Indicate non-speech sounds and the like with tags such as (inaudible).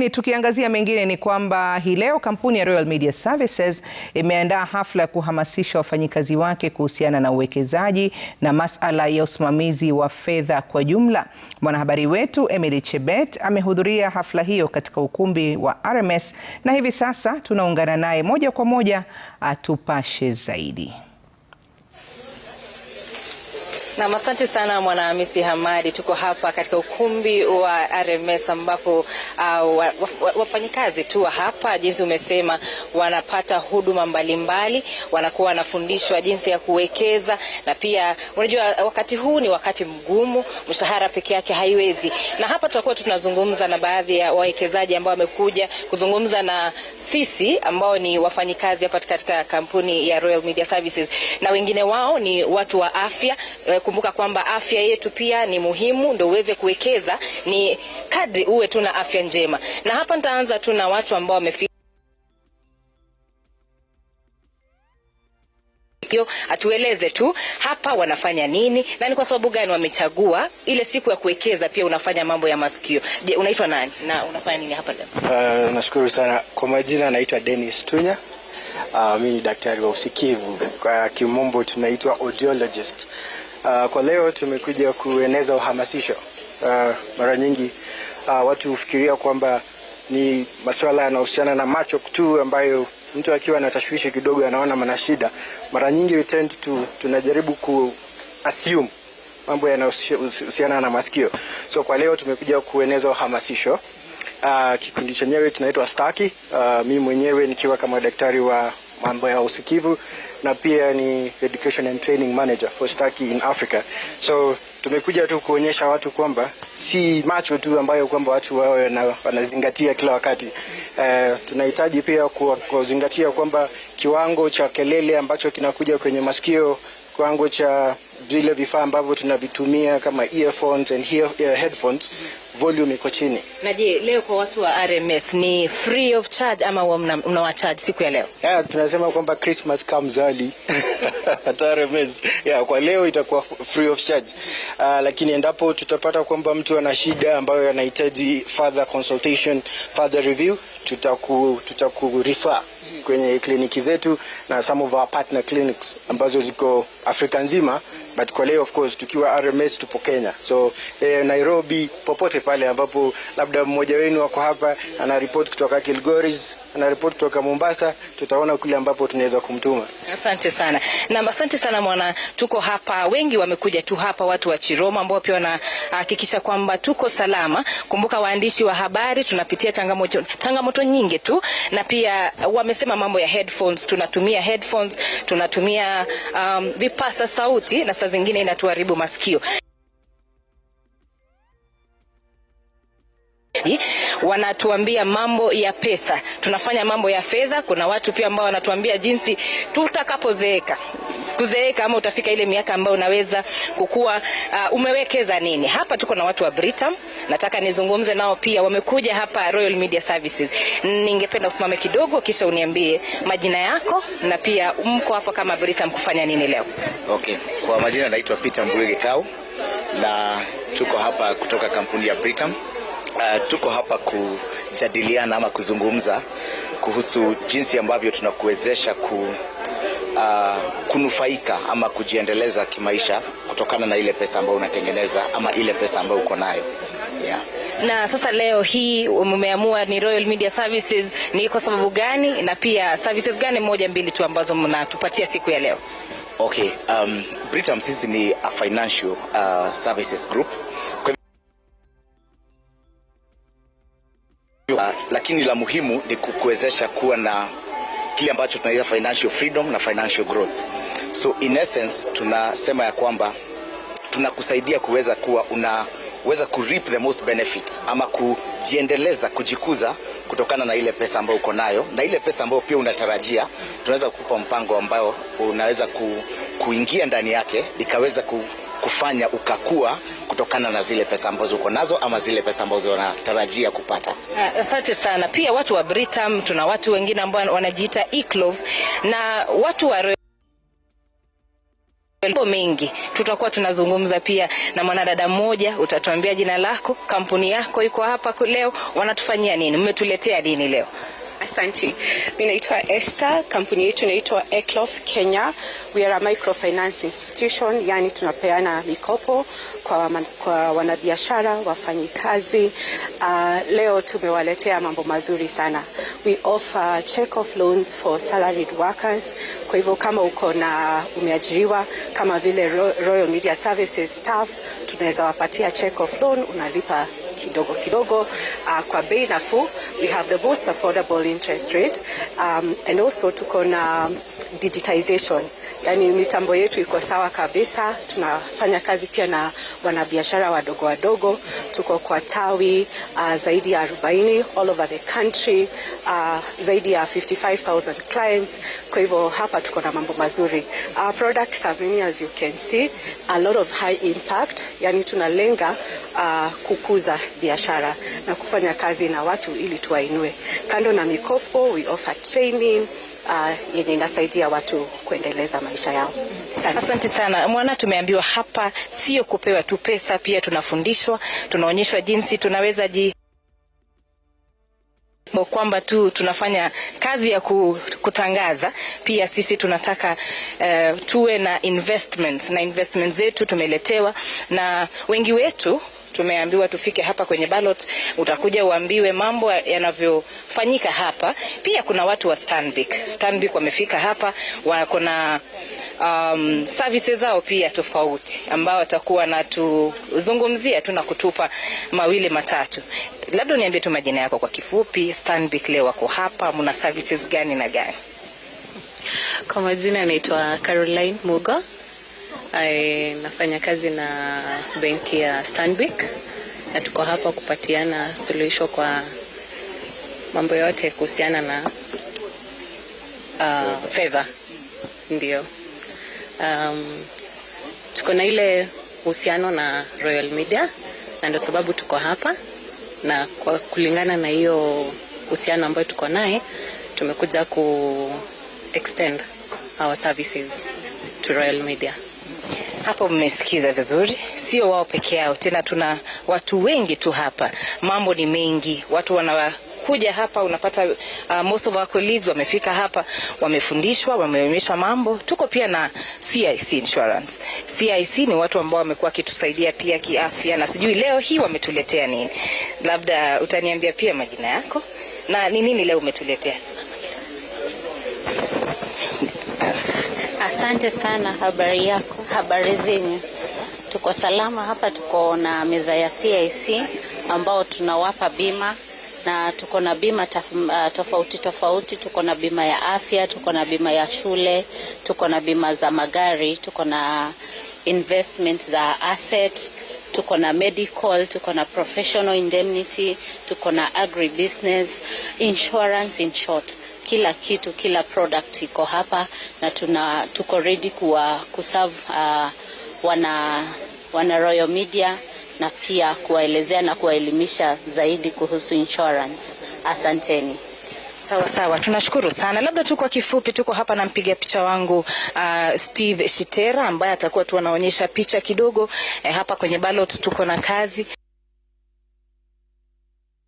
Lakini tukiangazia mengine ni kwamba hii leo kampuni ya Royal Media Services imeandaa hafla ya kuhamasisha wafanyikazi wake kuhusiana na uwekezaji na masala ya usimamizi wa fedha kwa jumla. Mwanahabari wetu Emily Chebet amehudhuria hafla hiyo katika ukumbi wa RMS na hivi sasa tunaungana naye moja kwa moja atupashe zaidi. Nam, asante sana Mwanahamisi Hamadi. Tuko hapa katika ukumbi wa RMS ambapo uh, wafanyikazi wa, wa tu hapa, jinsi umesema, wanapata huduma mbalimbali, wanakuwa wanafundishwa jinsi ya kuwekeza, na pia unajua wakati huu ni wakati mgumu, mshahara peke yake haiwezi. Na hapa tutakuwa tunazungumza na baadhi ya wawekezaji ambao wamekuja kuzungumza na sisi ambao ni wafanyikazi hapa katika kampuni ya Royal Media Services, na wengine wao ni watu wa afya eh, kumbuka kwamba afya yetu pia ni muhimu, ndio uweze kuwekeza, ni kadri uwe tu na afya njema. Na hapa nitaanza tu na watu ambao wamefika atueleze tu hapa wanafanya nini na ni kwa sababu gani wamechagua ile siku ya kuwekeza. Pia unafanya mambo ya masikio. Je, unaitwa nani na unafanya nini hapa leo? Uh, nashukuru sana kwa majina, naitwa Dennis Tunya. Uh, ah, mi ni daktari wa usikivu kwa kimombo tunaitwa audiologist. Uh, kwa leo tumekuja kueneza uhamasisho. Uh, mara nyingi uh, watu hufikiria kwamba ni masuala yanahusiana na macho tu ambayo mtu akiwa na tashwishi kidogo anaona mana shida. Mara nyingi we tend to tunajaribu ku assume mambo yanayohusiana na masikio. So kwa leo tumekuja kueneza uhamasisho. Uh, kikundi chenyewe kinaitwa Staki. Uh, ah, mi mwenyewe nikiwa kama daktari wa mambo ya usikivu na pia ni education and training manager for Staki in Africa. So tumekuja tu kuonyesha watu kwamba si macho tu ambayo kwamba watu wao wanazingatia kila wakati. Uh, tunahitaji pia kuzingatia kwamba kiwango cha kelele ambacho kinakuja kwenye masikio, kiwango cha vile vifaa ambavyo tunavitumia kama earphones and headphones volume iko chini. Na je, leo kwa watu wa RMS ni free of charge ama mnawacharge siku ya leo? Yeah, tunasema kwamba Christmas comes (laughs) early. Hata RMS. Yeah, kwa leo itakuwa free of charge. Uh, lakini endapo tutapata kwamba mtu ana shida ambayo anahitaji further consultation, further review, tutaku tutaku refer kwenye kliniki zetu na some of our partner clinics ambazo ziko Afrika nzima, but kwa leo of course tukiwa RMS tupo Kenya, so eh, Nairobi, popote pale ambapo labda mmoja wenu wako hapa ana report kutoka Kilgoris, ana report kutoka Mombasa, tutaona kule ambapo tunaweza kumtuma. Asante sana na asante sana mwana, tuko hapa, wengi wamekuja tu hapa, watu wa Chiroma ambao pia wanahakikisha kwamba tuko salama. Kumbuka waandishi wa habari tunapitia changamoto, changamoto nyingi tu, na pia wamesema mambo ya headphones, tunatumia headphones, tunatumia um, vip inatupasa sauti na saa zingine inatuharibu masikio. Wanatuambia, wanatuambia mambo ya pesa, tunafanya mambo ya fedha. Kuna watu pia ambao wanatuambia jinsi tutakapozeeka kuzeeka ama utafika ile miaka ambayo unaweza kukua. Uh, umewekeza nini hapa? Tuko na watu wa Britam, nataka nizungumze nao pia, wamekuja hapa Royal Media Services. Ningependa usimame kidogo, kisha uniambie majina yako na pia mko hapa kama Britam kufanya nini leo? Okay, kwa majina naitwa Peter Mbwege Tau na tuko hapa kutoka kampuni ya Britam. Uh, tuko hapa kujadiliana ama kuzungumza kuhusu jinsi ambavyo tunakuwezesha ku, uh, kunufaika ama kujiendeleza kimaisha kutokana na ile pesa ambayo unatengeneza ama ile pesa ambayo uko nayo yeah. Na sasa leo hii mmeamua ni Royal Media Services, ni kwa sababu gani na pia services gani moja mbili tu ambazo mnatupatia siku ya leo? Okay, um, Britam sisi ni a financial uh, services group muhimu ni kukuwezesha kuwa na kile ambacho tunaita financial freedom na financial growth. So in essence tunasema ya kwamba tunakusaidia kuweza kuwa unaweza ku reap the most benefit ama kujiendeleza, kujikuza kutokana na ile pesa ambayo uko nayo na ile pesa ambayo pia unatarajia. Tunaweza kukupa mpango ambao unaweza ku, kuingia ndani yake ikaweza ku kufanya ukakua kutokana na zile pesa ambazo uko nazo ama zile pesa ambazo unatarajia kupata. Eh, asante sana. Pia watu wa Britam, tuna watu wengine ambao wanajiita Iclov na watu wa mambo mengi tutakuwa tunazungumza pia na mwanadada mmoja. Utatuambia jina lako, kampuni yako iko hapa leo, wanatufanyia nini, mmetuletea nini leo? Asante, Mimi naitwa Esther. Kampuni yetu inaitwa Eclof Kenya. We are a microfinance institution, yani tunapeana mikopo kwa, man, kwa wanabiashara, wafanyikazi. Uh, leo tumewaletea mambo mazuri sana. We offer check off loans for salaried workers. Kwa hivyo kama uko na umeajiriwa kama vile Royal Media Services staff, tunaweza wapatia check off loan, unalipa kidogo kidogo uh, kwa bei nafuu. We have the most affordable interest rate um, and also tuko na digitization yani mitambo yetu iko sawa kabisa. Tunafanya kazi pia na wanabiashara wadogo wadogo, tuko kwa tawi uh, zaidi ya 40 all over the country uh, zaidi ya 55000 clients. Kwa hivyo hapa tuko na mambo mazuri. Our products are many as you can see, a lot of high impact, yani tunalenga uh, kukuza biashara na kufanya kazi na watu ili tuwainue. Kando na mikopo, we offer training uh, yenye inasaidia watu kuendeleza maisha yao. Asante sana mwana, tumeambiwa hapa sio kupewa tu pesa, pia tunafundishwa, tunaonyeshwa jinsi tunaweza ji kwamba tu tunafanya kazi ya kutangaza. Pia sisi tunataka uh, tuwe na investments na investments zetu tumeletewa na wengi wetu tumeambiwa tufike hapa kwenye ballot, utakuja uambiwe mambo yanavyofanyika hapa. Pia kuna watu wa Stanbic, Stanbic wamefika hapa, wako na um, services zao pia tofauti, ambao watakuwa natuzungumzia tu na kutupa mawili matatu. Labda niambie tu majina yako kwa kifupi. Stanbic leo wako hapa, mna services gani na gani? Kwa majina naitwa Caroline Mugo. I, nafanya kazi na benki ya Stanbic na tuko hapa kupatiana suluhisho kwa mambo yote kuhusiana na uh, fedha ndio. Um, tuko na ile uhusiano na Royal Media na ndio sababu tuko hapa, na kwa kulingana na hiyo uhusiano ambayo tuko naye tumekuja ku extend our services to Royal Media. Hapo mmesikiza vizuri, sio wao peke yao tena, tuna watu wengi tu hapa. Mambo ni mengi, watu wana kuja hapa unapata uh, most of our colleagues wamefika hapa, wamefundishwa, wameonyeshwa mambo. Tuko pia na CIC Insurance. CIC ni watu ambao wamekuwa wakitusaidia pia kiafya, na sijui leo hii wametuletea nini. Labda utaniambia pia majina yako na ni nini leo umetuletea. Asante sana. Habari yako? Habari zenyu? Tuko salama hapa, tuko na meza ya CIC ambao tunawapa bima na tuko na bima taf, uh, tofauti tofauti. Tuko na bima ya afya, tuko na bima ya shule, tuko na bima za magari, tuko na investment za asset tuko na medical, tuko na professional indemnity, tuko na agribusiness insurance, in short kila kitu, kila product iko hapa na tuna, tuko ready kuwa kuserve uh, wana, wana Royal Media na pia kuwaelezea na kuwaelimisha zaidi kuhusu insurance. Asanteni. Sawa sawa, tunashukuru sana. Labda tu kwa kifupi, tuko hapa na mpiga picha wangu uh, Steve Shitera ambaye atakuwa tu anaonyesha picha kidogo eh, hapa kwenye ballot tuko na kazi